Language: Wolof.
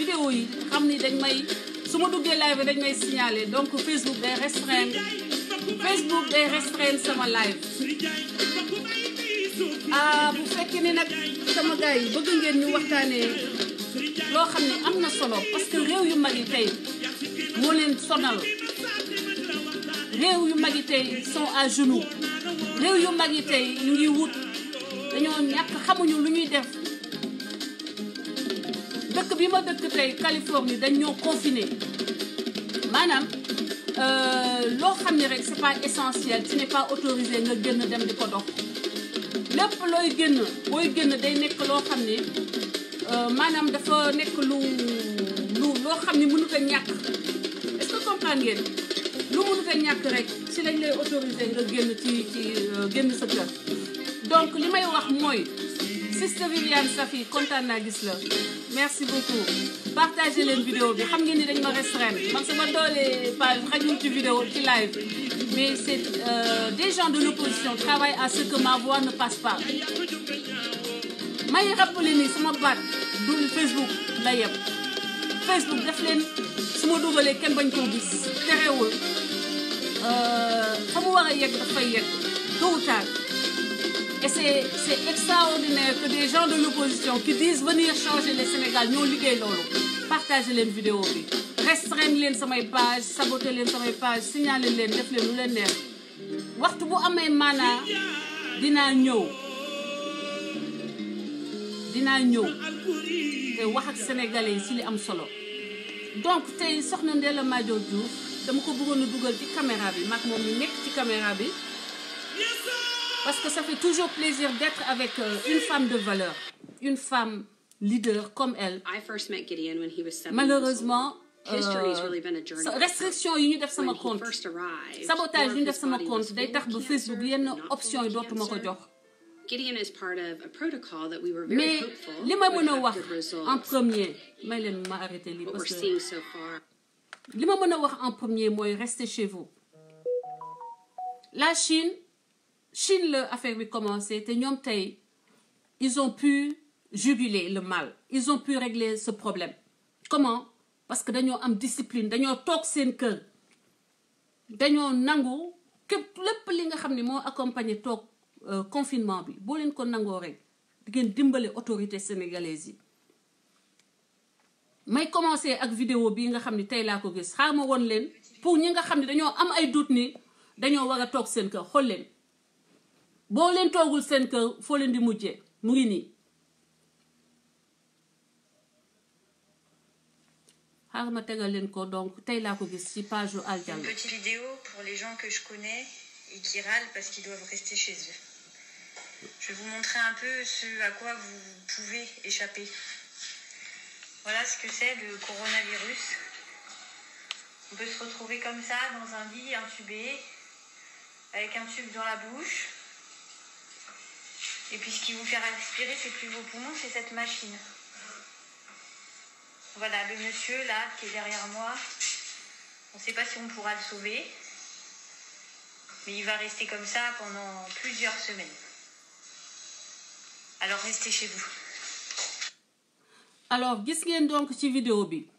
vidéo yi xam ni dañ may su ma duggee live dañ may signaler donc Facebook day restreindre Facebook day restreindre sama live ah bu fekkee ne nag sama gars yi bëgg ngeen ñu waxtaanee loo xam ne am na solo parce que réew yu mag yi tey moo leen sonal réew yu mag yi tey sont à genoux yu mag yi tey ñu ngi wut dañoo ñàkk xamuñu lu ñuy def. dëkk bi ma dëkk tey Californie dañ ñoo confiné maanaam euh, loo xam ne rek c'est pas essentiel ce n'est pas autorisé nga génn dem di ko dox lépp looy génn booy génn day nekk loo xam ne euh, maanaam dafa nekk lu loo xam ne mënut a ñàkk est-ce que rek si lañ lay autorisé nga génn ci ci euh, génn sa kër donc li may wax mooy Miss la Viviane Safi kontaan naa gis la merci beaucoup partagé leen vidéo bi xam ngeen ni dañ ma restreindre man sama doole page xajul ci vidéo ci live mais c'est euh, des gens de l'opposition travaillent à ce que ma voix ne passe pas may rappelé ni sama baat du Facebook la yem Facebook def leen su ma dugalee kenn bañ koo gis terewul euh, fa mu war a yegg daf fay Et c'est extraordinaire que des gens de l'opposition qui disent venir changer le Sénégal ñoo liggéey loolu partagé leen vidéo bi restreindre leen samay page saboté leen samay page signalé leen def leen lu leen neex waxtu bu amee maanaa dinaa ñëw dinaa ñëw te wax ak sénégalais yi ci li am solo donc tey soxna Ndella Madior Diouf dama ko bëggoon a dugal ci caméra bi mag moom ñu nekk ci caméra bi parce que ça fait toujours plaisir d'être avec euh, une femme de valeur, une femme leader comme elle. Malheureusement. Euh, restriction yi ñu def sama compte sabotage yi ñu def sama compte day tax ba Facebook yenn option yi dootuma ko jox. mais li ma mën a wax en premier may leen ma arrêté lii parce que li ma mën a wax en premier mooy restez chez vous. La Chine. Chine la affaire bi commencé te ñoom tey ils ont pu juguler le mal ils ont pu régler ce problème comment parce que dañoo am discipline dañoo toog seen kër dañoo nangu képp lépp li nga xam ni moo accompagner toog euh, confinement bi boo leen ko nangoo rek di ngeen dimbale autorité sénégalaise yi may commencer ak vidéo bii nga xam ne tey laa ko gis xaar woon leen pour ñi nga xam ne dañoo am ay doute ni dañoo war a toog seen kër xool leen boo leen toogul seen kër foo leen mu ngi nii xaaral leen ko donc tey laa ko gis ci page Al Diallo. Une vidéo pour les gens que je connais et qui râlent parce qu'ils doivent rester chez eux. Je vous montrer un peu ce à quoi vous pouvez échapper. Voilà ce que c'est le coronavirus. On peut se retrouver comme ça dans un lit intubé avec un tube dans la bouche. Et puis ce qui vous fait respirer, c'est plus vos poumons, c'est cette machine. Voilà, le monsieur là qui est derrière moi, on sait pas si on pourra le sauver, mais il va rester comme ça pendant plusieurs semaines. Alors restez chez vous. alors gis ngeen donc ci vidéo bi